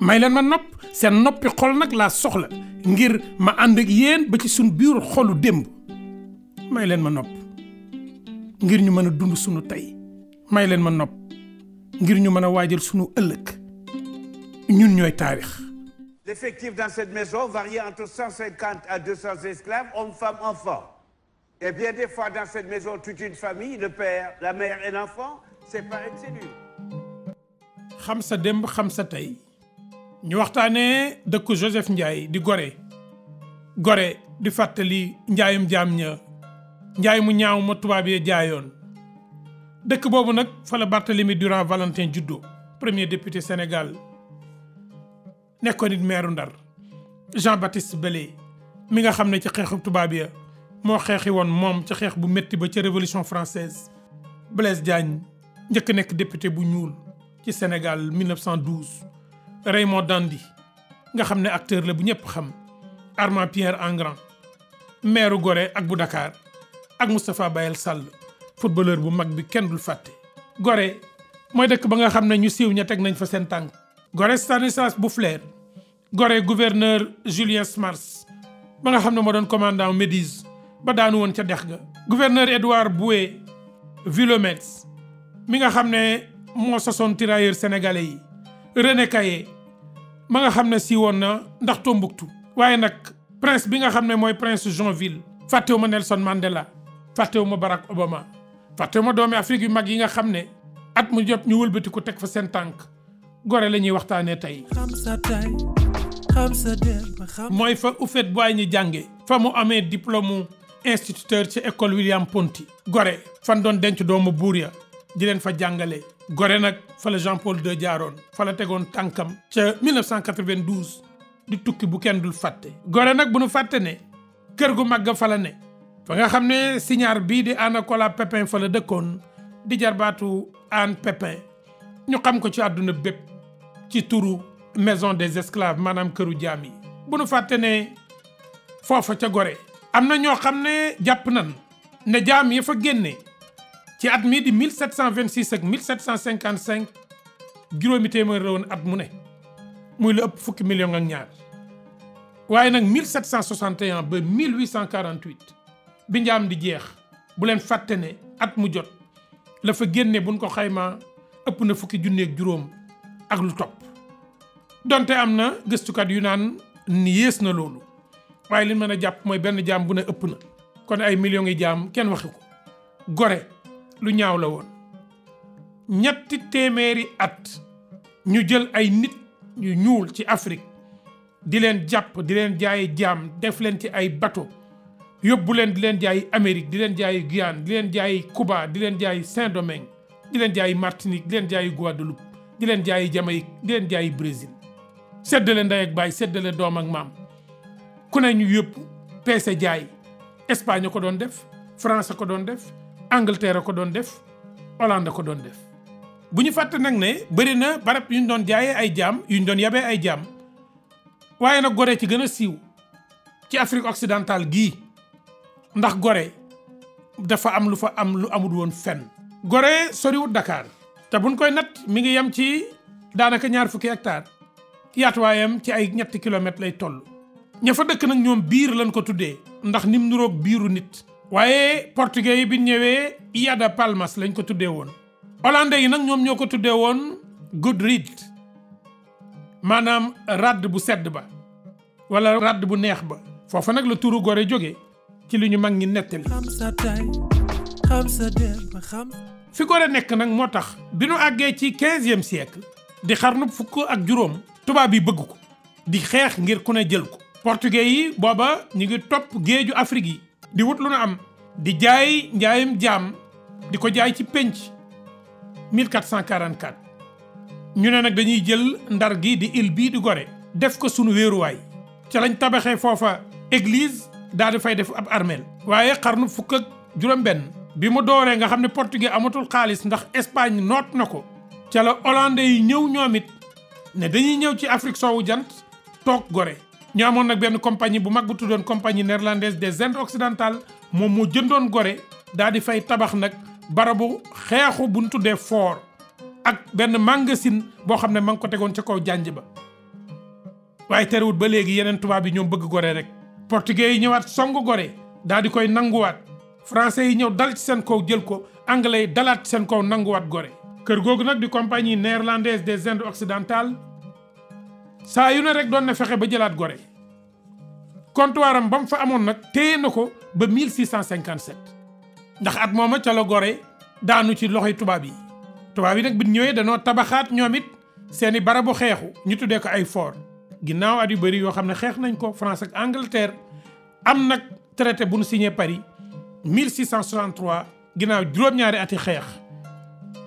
may leen ma nopp seen noppi xol nag laa soxla ngir ma ànd ak yéen ba ci suñ biir xolu démb may leen ma nopp ngir ñu mën a dund sunu tey may leen ma nopp ngir ñu mën a waajal sunu ëllëg ñun ñooy taarix. L'effectif dans cette maison varie entre 150 à 200 esclaves, hommes, femmes, enfants. Et bien des fois dans cette maison toute une famille, le père, la mère et l'enfant, c'est par une cellule. xam sa démb xam sa tey. ñu waxtaanee dëkku Joseph Ndiaye di gore gore di fàttali njaayum jaam ña njaay mu ñaaw ma tubaab yee jaayoon dëkk boobu nag fa la Barthélemy Durand Valentin juddo premier député Sénégal nekkoon it meeru Ndar Jean-Baptiste Belley mi nga xam ne ci xeexu tubaab ya moo xeexi woon moom ca xeex bu métti ba ca révolution francaise Blaise Diagne njëkk nekk député bu ñuul ci Sénégal 1912 Raymond Dandy nga xam ne acteur le bu ñëpp xam Armand Pierre Engrand maire gore ak bu Dakar ak Moustapha Bayel Sall footballeur bu mag bi kenn dul fàtte. gore mooy dëkk ba nga xam ne ñu siiw ña teg nañ fa seen tànk. gore Gorée bu Boufflers gore gouverneur Julien Smars ba nga xam ne moo doon commandant Médise ba daanu woon ca dex ga. gouverneur Édouard Boué Villomède mi nga xam ne moo sosoon tirailleur sénégalais yi René Caillé ma nga xam ne siiwoon na ndax Tombouctou waaye nag prince bi nga xam ne mooy prince Joinville fàttewu ma Nelson Mandela fàttewu ma Barack Obama fàttewu ma doomi Afrique yu mag yi nga xam ne at mu jot ñu wëlbati teg fa seen tànk gore la ñuy waxtaanee tey mooy fa Houphouët-Boigny ñi jànge fa mu amee diplôme instituteur ci école William Ponty gore fan doon denc doomu buur ya di leen fa jàngale gore nag fa la Jean Paul II jaaroon fa la tegoon tànkam ca 1992 di tukki bu kenn dul fàtte. gore nag bu nu fàtte ne kër gu màgg fa fala ne fa nga xam ne signaar bii di Anna Colas Pépin fa la dëkkoon di jarbaatu Anne Pépin ñu xam ko ci àdduna bépp ci turu maison des esclaves maanaam këru jaam yi. bu nu fàtte ne foofa ca gore am na ñoo xam ne jàpp nan ne jaam yi fa génne ci at mii di 1726 ak 1755 juróomi téeméer la woon at mu ne muy la ëpp fukki million ak ñaar waaye nag 1761 ba 1848 bi njaam di jeex bu leen fàtte ne at mu jot la fa génne buñ ko xaymaa ëpp na fukki junneeg juróom ak lu topp donte am na gëstukat yu naan ni yées na loolu waaye li mën a jàpp mooy benn jaam bu ne ëpp na kon ay millions yi jaam kenn waxi ko gore lu ñaaw la woon ñetti téeméeri at ñu jël ay nit ñu ñuul ci Afrique di leen jàpp di leen jaayi jaam def leen ci ay bateau yóbbu leen di leen jaayi Amérique di leen jaay Guyane di jaay jaayi Cuba di leen jaayi Saint-Domingue di leen jaayi Martinique di leen jaayi Guadeloupe di leen jaayi Jamaïque di leen jaayi Brésil seddale ndey ak baay seddale doom ak maam ku ne ñu yëpp peese jaay Espagne ko doon def France ko doon def Angleterre ko doon def Hollande ko doon def. bu ñu fàtte nag ne bëri na barab yu ñu doon jaayee ay jaam yu ñu doon yabee ay jaam waaye nag gore ci gën a siiw ci Afrique occidentale gii ndax Gorée dafa am lu fa am lu amul woon fenn. Gorée soriwut Dakar te buñ koy natt mi ngi yem ci daanaka ñaar fukki hectare yaatuwaayam ci ay ñetti kilomètres lay toll. ña dëkk nag ñoom biir lañ ko tuddee ndax nim nuroog biiru nit. waaye portugais yi bi ñëwee Ilha da Palmas lañ ko tuddee woon hollandais yi nag ñoom ñoo ko tuddee woon Goodread maanaam radd bu sedd ba wala radd bu neex ba foofa nag la turu gore jóge ci li ñu mag ñi nettali fi Gorée nekk nag moo tax bi nu àggee ci quinzième siècle di xar nu fukk ak juróom tubaab yi bëgg ko di xeex ngir ku ne jël ko portugais yi booba ñu ngi topp géeju Afrique yi di wut lu am di jaay njaayam jaam di ko jaay ci penc 1444 ñu ne nag dañuy jël ndar gi di île bii di gore def ko sunu wéeruwaay ca lañ tabaxee foofa eglise daal di fay def ab armeel waaye xarnu fukk ak juróom-benn bi mu dooree nga xam ne portugais amatul xaalis ndax Espagne noot na ko ca la hollandais yi ñëw ñoom it ne dañuy ñëw ci Afrique soowu jant toog gore ñoo amoon nag benn compagnie bu mag bu tuddoon compagnie néerlandaise des Indes occidentales moom moo jëndoon gore daal di fay tabax nag barabu xeexu buntu ñu tuddee fort ak benn magasin boo xam ne ma ngi ko tegoon ca kaw jànj ba. waaye terewut ba léegi yeneen tubaab yi ñoom bëgg gore rek portugais yi ñëwaat songu Gorée daal di koy nanguwaat français yi ñëw dal ci seen kaw jël ko anglais yi dalaat seen kaw nanguwaat gore kër googu nag di compagnie néerlandaise des Indes occidentales. saa yu ne rek doon na fexe ba jëlaat gore comptoir am ba mu fa amoon nag téye na ko ba 1657 ndax at mooma ca la gore daanu ci loxoy tubaab yi tubaab yi nag bi ñëwee danoo tabaxaat ñoom it seeni barabu xeexu ñu tuddee ko ay fort ginnaaw at yu bëri yoo xam ne xeex nañ ko France ak Angleterre am nag traité bu nu signé Paris 1663 ginnaaw juróom-ñaari ati xeex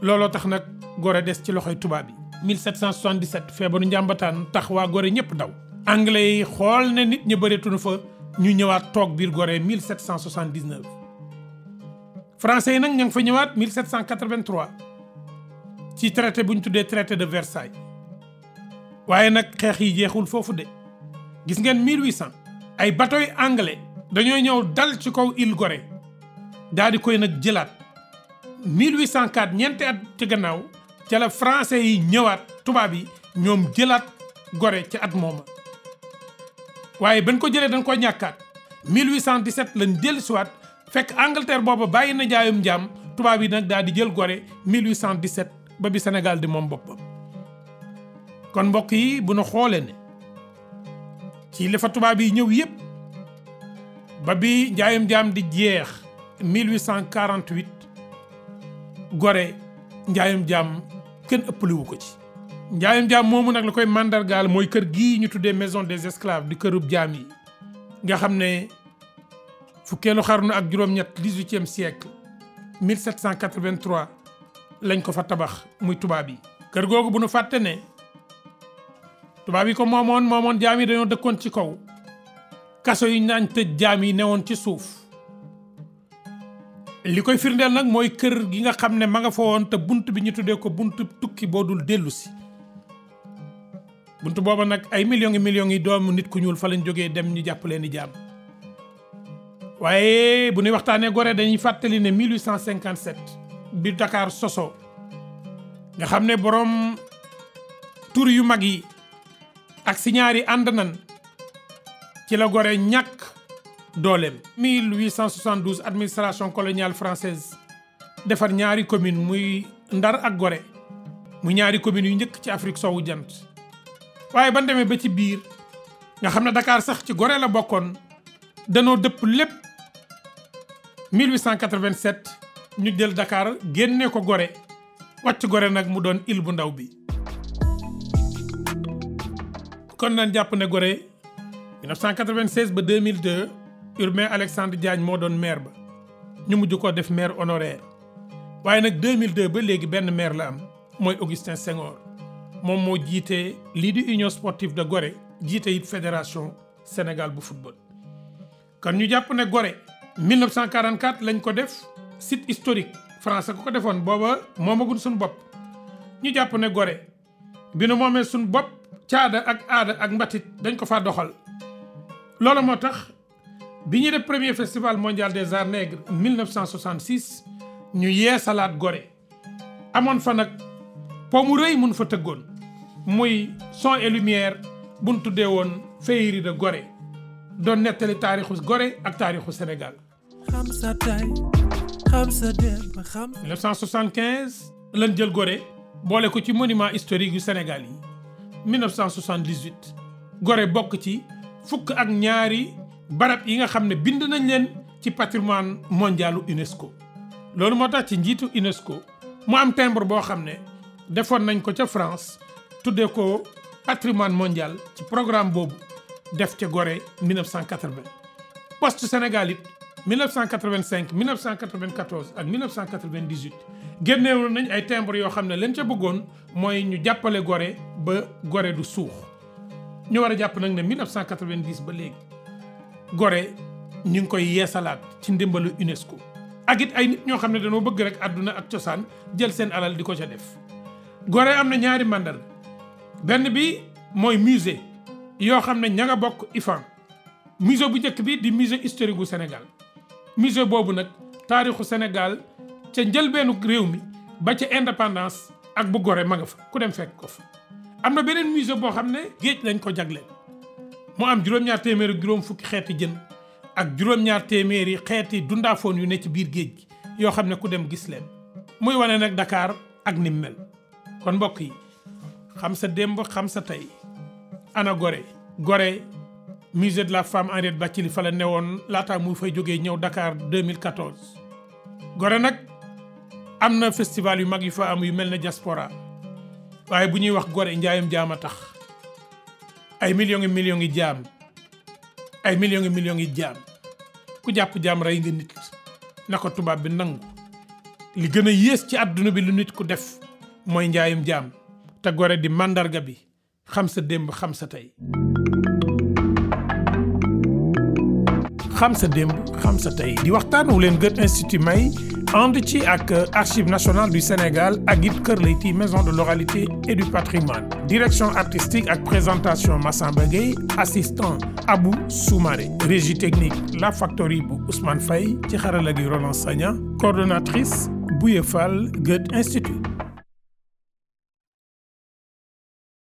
looloo tax nag Gorée des ci loxoy tubaab yi 1777 feebaru njàmbataan tax waa Gorée ñëpp daw. anglais yi xool ne nit ñi bëreetunu fa ñu ñëwaat toog biir Gorée 1779 français yi nag ña ngi fa ñëwaat 1783 ci traité buñu tuddee traité de Versailles waaye nag xeex yi jeexul foofu de gis ngeen 1800 ay bateau yi anglais dañoo ñëw dal ci kaw il gore daal di koy nag jëlaat 1804 ñeenti at ci gannaaw. ca la yi ñëwaat tubaab yi ñoom jëlaat gore ci at mooma waaye bañ ko jëlee dañ ko ñàkkaat 1817 lañ dellusiwaat fekk Angleterre booba bàyyi na njaayum njaam tubaab yi nag daal di jël Gorée 1817 ba bi senegal di moom boppam. kon mbokk yi bu nu xoolee ne ci li fa tubaab yi ñëw yépp ba bi njaayum njaam di jeex 1848 Gorée njaayum jaam kenn ëppaliwu ko ci. njaayum jaam moomu nag la koy mandargaal mooy kër gii ñu tuddee maison des esclaves di kërub jaam yi nga xam ne fukkeelu xarnu ak juróom-ñett 18e siècle 1783 lañ ko fa tabax muy tubaab yi. kër googu bu nu fàtte ne tubaab yi ko moomoon moomoon jaam yi dañoo dëkkoon ci kaw kaso yi naañ tëj jaam yi ne woon ci suuf. li koy firndeel nag mooy kër gi nga xam ne ma nga fa woon te bunt bi ñu tuddee ko bunt tukki boo dul dellusi bunt booba nag ay millions yi millions yi doomu nit ku ñuul fa lañ jógee dem ñu jàpp leen di jaam waaye bu nuy waxtaanee Gorée dañuy fàttali ne 1857 bi Dakar soso nga xam ne boroom tur yu mag yi ak si ñaari ànd nan ci la Gorée ñàkk dooleem 1872 administration coloniale française defar ñaari commune muy Ndar ak gore mu ñaari communes yu njëkk ci Afrique soowu jant waaye ban demee ba ci biir nga xam ne dakaar sax ci gore la bokkoon danoo dëpp lépp 1887 ñu jël Dakar génne ko Gorée wàcc gore nag mu doon île bu ndaw bi kon nañ jàpp ne Gorée 1996 ba 2002 Urbain Alexandre jaañ moo doon maire ba ñu mujj ko def maire honoraire waaye nag 2002 ba léegi benn maire la am mooy Augustin Senghor moom moo jiite lii di Union Sportive de gore jiite it Fédération senegal bu football. kon ñu jàpp ne Gorée 1944 lañ ko def site historique France ko ko defoon booba moomagul suñu bopp ñu jàpp ne gore bi nu moomee suñu bopp caada ak aada ak mbatit dañ ko fa doxal loolu moo tax. bi ñuy def premier festival mondial des arts nègres 1966 ñu yeesalaat Gorée amoon fa nag po mu rëy mun fa tëggoon muy son et lumière buñ tuddee woon féerie de Gorée doon nettali taarixu Gorée ak taarixu Sénégal. 1975 lañ jël Gorée boole ko ci monument historique yu Sénégal yi 1978 bokk ci fukk ak ñaari. barab yi nga xam ne bind nañ leen ci patrimoine mondialu UNESCO loolu moo tax ci njiitu UNESCO mu am timbre boo xam ne defoon nañ ko ca France tuddee ko patrimoine mondial ci programme boobu def ca gore 1980 poste Sénégal it 1985 1994 ak 1998 génneewoon nañ ay timbre yoo xam ne leen ca bëggoon mooy ñu jàppale gore ba gore du suux ñu war a jàpp nag ne 1990 ba léegi Gorée ñu ngi koy yeesalaat ci ndimbalu UNESCO. ak ay nit ñoo xam ne dañoo bëgg rek àdduna ak cosaan jël seen alal di ko ca def gore am na ñaari màndarga benn bi mooy musée yoo xam ne ña nga bokk IFAN musée bu njëkk bi di musée historique gu Sénégal musée boobu nag taarixu senegal ca njëlbeenu réew mi ba ca indépendance ak bu gore ma nga ku dem fekk ko fa am na beneen musée boo xam ne géej lañ ko jagleel mu am juróom-ñaar téeméeri juróom fukki xeeti jën ak juróom-ñaar téeméeri xeeti dundaafoon yu ne ci biir géej gi yoo xam ne ku dem gis leen muy wane nag Dakar ak nim mel kon mbokk yi xam sa démb xam sa tey ana gore gore musée de la femme Henriette Bathily fale ne woon laataa muy fay jógee ñëw Dakar 2014 Gorée nag am na festival yu mag yu fa am yu mel ne diaspora waaye bu ñuy wax Gorée njaayam jaam a tax ay million et millions yi jaam ay millions et millions yi jaam ku jàpp jaam rey nga nit na ko tubaab bi nangu li gën a yées ci àdduna bi lu nit ku def mooy njaayum jaam te gore di màndarga bi xam démb xam sa tey xam sa sa tey di waxtaan wu leen Goethe Institut may ànd ci ak Archives nationales du Sénégal ak it Kër Leyti maison de l'oralité et du patrimoine direction artistique ak présentation massan Gueye assistant abu Soumaré régie technique La Factory bu Ousmane Faye ci xarala gi Roland Sagna coordonnatrice Bouye Fall Goethe Institut